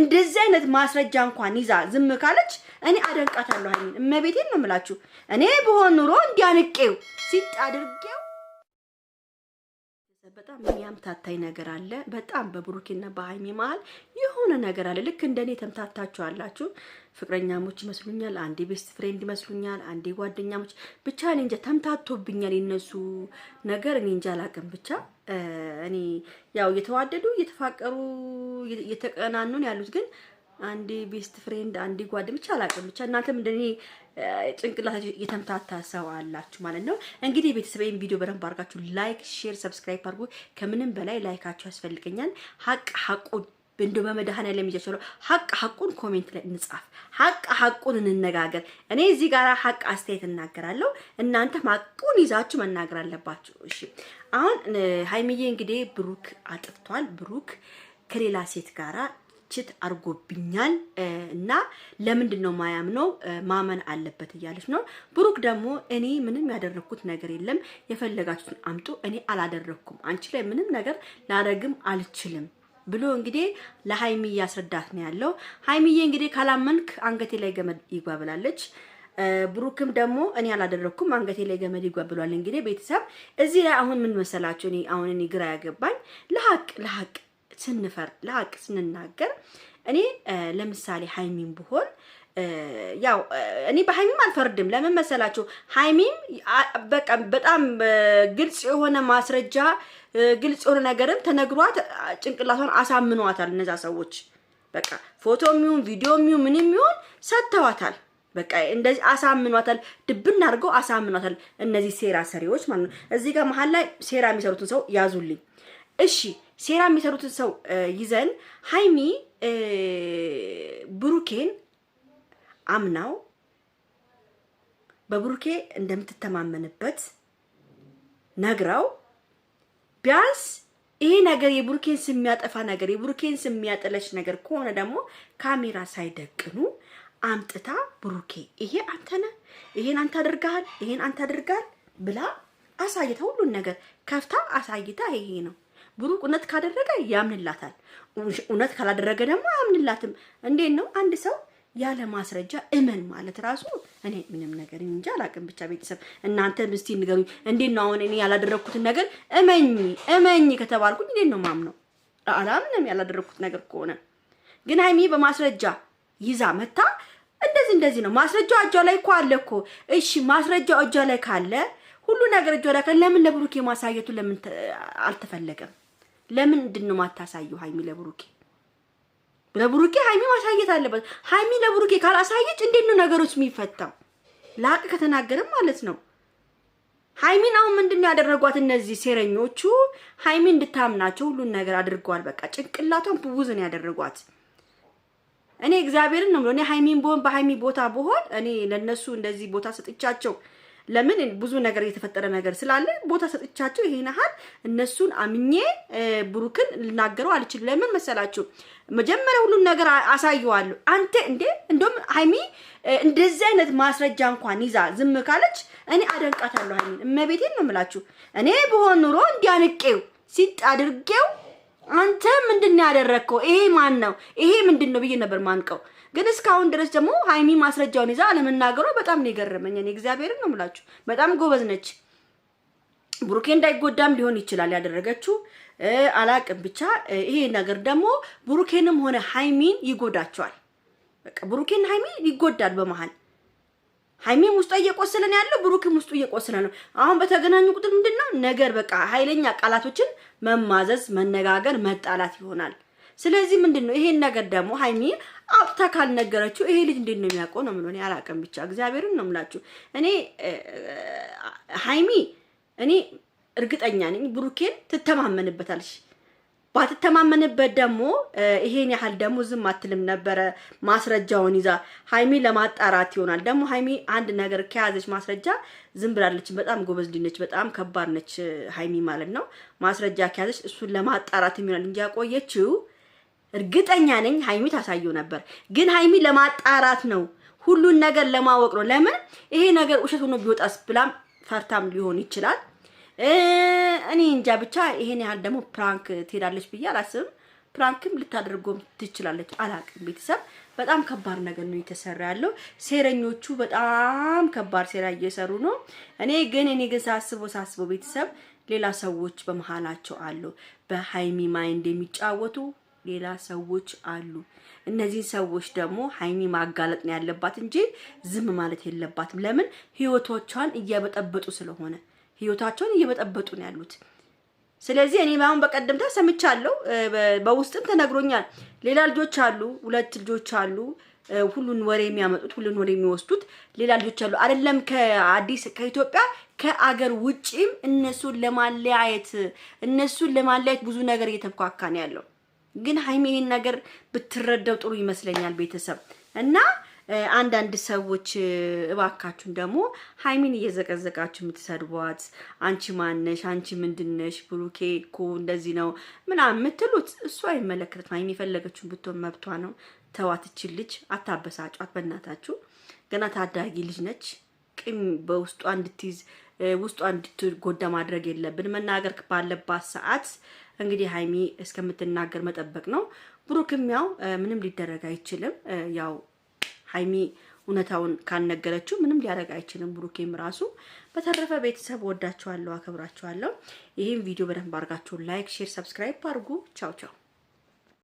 እንደዚህ አይነት ማስረጃ እንኳን ይዛ ዝም ካለች እኔ አደንቃታለሁ። ሀይሚን እመቤቴን ነው የምላችሁ። እኔ በሆን ኑሮ እንዲያንቄው ሲጥ አድርጌው። በጣም የሚያምታታኝ ነገር አለ። በጣም በብሩኬና በሀይሚ መሀል የሆነ ነገር አለ። ልክ እንደኔ ተምታታችሁ አላችሁ። ፍቅረኛሞች ይመስሉኛል፣ አንዴ ቤስት ፍሬንድ ይመስሉኛል፣ አንዴ ጓደኛሞች። ብቻ እኔ እንጃ ተምታቶብኛል። የነሱ ነገር እኔ እንጃ አላውቅም። ብቻ እኔ ያው እየተዋደዱ እየተፋቀሩ እየተቀናኑን ያሉት ግን አንዴ ቤስት ፍሬንድ አንዴ ጓደኛ ብቻ አላውቅም። ብቻ እናንተም እንደኔ ጭንቅላታችሁ የተምታታ ሰው አላችሁ ማለት ነው። እንግዲህ ቤተሰቤን ቪዲዮ በደንብ አድርጋችሁ ላይክ፣ ሼር፣ ሰብስክራይብ አድርጉ። ከምንም በላይ ላይካችሁ ያስፈልገኛል። ሀቅ ሀቁ እንዶ በመድኃኔዓለም ይጃቸዋለሁ። ሀቅ ሀቁን ኮሜንት ላይ እንጻፍ። ሀቅ ሀቁን እንነጋገር። እኔ እዚህ ጋር ሀቅ አስተያየት እናገራለሁ፣ እናንተ ሀቁን ይዛችሁ መናገር አለባችሁ። እሺ አሁን ሀይሚዬ እንግዲህ ብሩክ አጥፍቷል። ብሩክ ከሌላ ሴት ጋራ ችት አድርጎብኛል እና ለምንድን ነው ማያምነው? ማመን አለበት እያለች ነው። ብሩክ ደግሞ እኔ ምንም ያደረግኩት ነገር የለም፣ የፈለጋችሁትን አምጡ፣ እኔ አላደረግኩም፣ አንቺ ላይ ምንም ነገር ላረግም አልችልም ብሎ እንግዲህ ለሀይሚዬ እያስረዳት ነው ያለው። ሀይሚዬ እንግዲህ ካላመንክ አንገቴ ላይ ገመድ ብላለች። ብሩክም ደግሞ እኔ አላደረኩም አንገቴ ላይ ገመድ ይጓብላል እንግዲህ ቤተሰብ እዚህ ላይ አሁን ምን መሰላችሁ? እኔ አሁን እኔ ግራ ያገባኝ ለሀቅ ለሀቅ ስንፈርድ ለሀቅ ስንናገር እኔ ለምሳሌ ሀይሚን ብሆን ያው እኔ በሀይሚም አልፈርድም። ለምን መሰላችሁ? ሀይሚም በቃ በጣም ግልጽ የሆነ ማስረጃ፣ ግልጽ የሆነ ነገርም ተነግሯት ጭንቅላቷን አሳምኗታል። እነዛ ሰዎች በቃ ፎቶ የሚሆን ቪዲዮ የሚሆን ምን የሚሆን ሰጥተዋታል። በቃ እንደዚህ አሳምኗታል፣ ድብን አድርገው አሳምኗታል። እነዚህ ሴራ ሰሪዎች ማለት ነው። እዚህ ጋር መሀል ላይ ሴራ የሚሰሩትን ሰው ያዙልኝ። እሺ ሴራ የሚሰሩትን ሰው ይዘን ሀይሚ ብሩኬን አምናው በብሩኬ እንደምትተማመንበት ነግራው ቢያንስ ይሄ ነገር የብሩኬን ስም የሚያጠፋ ነገር የብሩኬን ስም የሚያጠለች ነገር ከሆነ ደግሞ ካሜራ ሳይደቅኑ አምጥታ ብሩኬ ይሄ አንተ ነህ፣ ይሄን አንተ አድርገሃል፣ ይሄን አንተ አድርገሃል ብላ አሳይታ ሁሉን ነገር ከፍታ አሳይታ ይሄ ነው ብሩክ እውነት ካደረገ ያምንላታል፣ እውነት ካላደረገ ደግሞ አያምንላትም። እንዴት ነው አንድ ሰው ያለ ማስረጃ እመን ማለት ራሱ እኔ ምንም ነገር እንጂ አላውቅም። ብቻ ቤተሰብ እናንተ ምስቲ ንገሩ፣ እንዴት ነው አሁን እኔ ያላደረግኩትን ነገር እመኝ እመኝ ከተባልኩኝ እንዴት ነው ማምነው? አላምንም ያላደረግኩት ነገር ከሆነ ግን ሀይሚ በማስረጃ ይዛ መታ እንደዚህ እንደዚህ ነው ማስረጃው እጇ ላይ እኮ አለ እኮ። እሺ ማስረጃው እጇ ላይ ካለ ሁሉ ነገር እጇ ላይ ካለ ለምን ለብሩኬ ማሳየቱ ለምን አልተፈለገም? ለምን እንድን ነው ማታሳየው ሀይሚ ለብሩኬ ለብሩኬ ሀይሚ ማሳየት አለበት። ሀይሚ ለብሩኬ ካላሳየች እንዴት ነው ነገሮች የሚፈታው? ላቅ ከተናገርም ማለት ነው። ሀይሚን አሁን ምንድን ነው ያደረጓት እነዚህ ሴረኞቹ? ሀይሚ እንድታምናቸው ሁሉን ነገር አድርገዋል። በቃ ጭንቅላቷን ቡዝ ነው ያደረጓት። እኔ እግዚአብሔርን ነው እኔ ሀይሚን በሆን በሀይሚ ቦታ በሆን እኔ ለነሱ እንደዚህ ቦታ ሰጥቻቸው ለምን ብዙ ነገር እየተፈጠረ ነገር ስላለ ቦታ ሰጥቻቸው ይሄን ያህል እነሱን አምኜ ብሩክን ልናገረው አልችልም። ለምን መሰላችሁ? መጀመሪያ ሁሉን ነገር አሳየዋለሁ። አንተ እንዴ እንደውም ሀይሚ እንደዚህ አይነት ማስረጃ እንኳን ይዛ ዝም ካለች እኔ አደንቃታለሁ። ሀይሚን እመቤቴን ነው የምላችሁ። እኔ ብሆን ኑሮ እንዲያንቄው ሲጥ አድርጌው አንተ ምንድን ነው ያደረግከው? ይሄ ማን ነው? ይሄ ምንድን ነው ብዬ ነበር ማንቀው ግን እስካሁን ድረስ ደግሞ ሀይሚ ማስረጃውን ይዛ አለመናገሯ በጣም ነው የገረመኝ። እኔ እግዚአብሔርን ነው የምላችሁ፣ በጣም ጎበዝ ነች። ብሩኬ እንዳይጎዳም ሊሆን ይችላል ያደረገችው አላቅም። ብቻ ይሄ ነገር ደግሞ ብሩኬንም ሆነ ሀይሚን ይጎዳቸዋል። በቃ ብሩኬን ሀይሚ ይጎዳል በመሀል ሀይሚም ውስጡ እየቆሰለ ነው ያለው፣ ብሩክም ውስጡ እየቆሰለ ነው። አሁን በተገናኙ ቁጥር ምንድን ነው ነገር በቃ ኃይለኛ ቃላቶችን መማዘዝ፣ መነጋገር፣ መጣላት ይሆናል። ስለዚህ ምንድን ነው ይሄን ነገር ደግሞ ሀይሚ አውጥታ ካልነገረችው ይሄ ልጅ እንዴት ነው የሚያውቀው? ነው ምንሆን አላውቅም። ብቻ እግዚአብሔርን ነው የምላችሁ። እኔ ሀይሚ እኔ እርግጠኛ ነኝ ብሩኬን ትተማመንበታለች። ባትተማመንበት ደግሞ ይሄን ያህል ደግሞ ዝም አትልም ነበረ። ማስረጃውን ይዛ ሀይሚ ለማጣራት ይሆናል ደግሞ ሀይሚ አንድ ነገር ከያዘች ማስረጃ ዝም ብላለች። በጣም ጎበዝ ልጅ ነች። በጣም ከባድ ነች ሀይሚ ማለት ነው። ማስረጃ ከያዘች እሱን ለማጣራት ይሆናል እንጂ ያቆየችው እርግጠኛ ነኝ ሀይሚ ታሳየው ነበር። ግን ሀይሚ ለማጣራት ነው፣ ሁሉን ነገር ለማወቅ ነው። ለምን ይሄ ነገር ውሸት ሆኖ ቢወጣስ ብላም ፈርታም ሊሆን ይችላል። እኔ እንጃ ብቻ። ይሄን ያህል ደግሞ ፕራንክ ትሄዳለች ብዬ አላስብም። ፕራንክም ልታደርጎም ትችላለች፣ አላቅም። ቤተሰብ በጣም ከባድ ነገር ነው እየተሰራ ያለው። ሴረኞቹ በጣም ከባድ ሴራ እየሰሩ ነው። እኔ ግን እኔ ግን ሳስበው ሳስበው ቤተሰብ ሌላ ሰዎች በመሀላቸው አሉ፣ በሀይሚ ማይንድ የሚጫወቱ ሌላ ሰዎች አሉ። እነዚህን ሰዎች ደግሞ ሀይሚ ማጋለጥ ነው ያለባት እንጂ ዝም ማለት የለባትም። ለምን ህይወቶቿን እየበጠበጡ ስለሆነ ህይወታቸውን እየበጠበጡ ነው ያሉት። ስለዚህ እኔ አሁን በቀደምታ ሰምቻለሁ፣ በውስጥም ተነግሮኛል። ሌላ ልጆች አሉ፣ ሁለት ልጆች አሉ ሁሉን ወሬ የሚያመጡት ሁሉን ወሬ የሚወስዱት ሌላ ልጆች አሉ። አይደለም ከአዲስ ከኢትዮጵያ ከአገር ውጪም እነሱን ለማለያየት እነሱን ለማለያየት ብዙ ነገር እየተኳካ ነው ያለው። ግን ሀይሚ ይሄን ነገር ብትረዳው ጥሩ ይመስለኛል። ቤተሰብ እና አንዳንድ ሰዎች እባካችሁን ደግሞ ሀይሚን እየዘቀዘቃችሁ የምትሰድቧት አንቺ ማነሽ፣ አንቺ ምንድነሽ፣ ብሩኬ እኮ እንደዚህ ነው ምናምን የምትሉት እሱ አይመለከትም። ሀይሚ የፈለገችውን ብትሆን መብቷ ነው። ተዋትችን ልጅ አታበሳጯት። በእናታችሁ ገና ታዳጊ ልጅ ነች። ቂም በውስጧ እንድትይዝ ውስጧ እንድትጎዳ ማድረግ የለብን። መናገር ባለባት ሰዓት እንግዲህ ሀይሚ እስከምትናገር መጠበቅ ነው። ብሩክም ያው ምንም ሊደረግ አይችልም። ያው ሀይሚ እውነታውን ካልነገረችው ምንም ሊያደርግ አይችልም። ብሩኬም ራሱ በተረፈ ቤተሰብ ወዳችኋለሁ፣ አከብራችኋለሁ። ይህም ቪዲዮ በደንብ አድርጋችሁ ላይክ፣ ሼር፣ ሰብስክራይብ አድርጉ። ቻው ቻው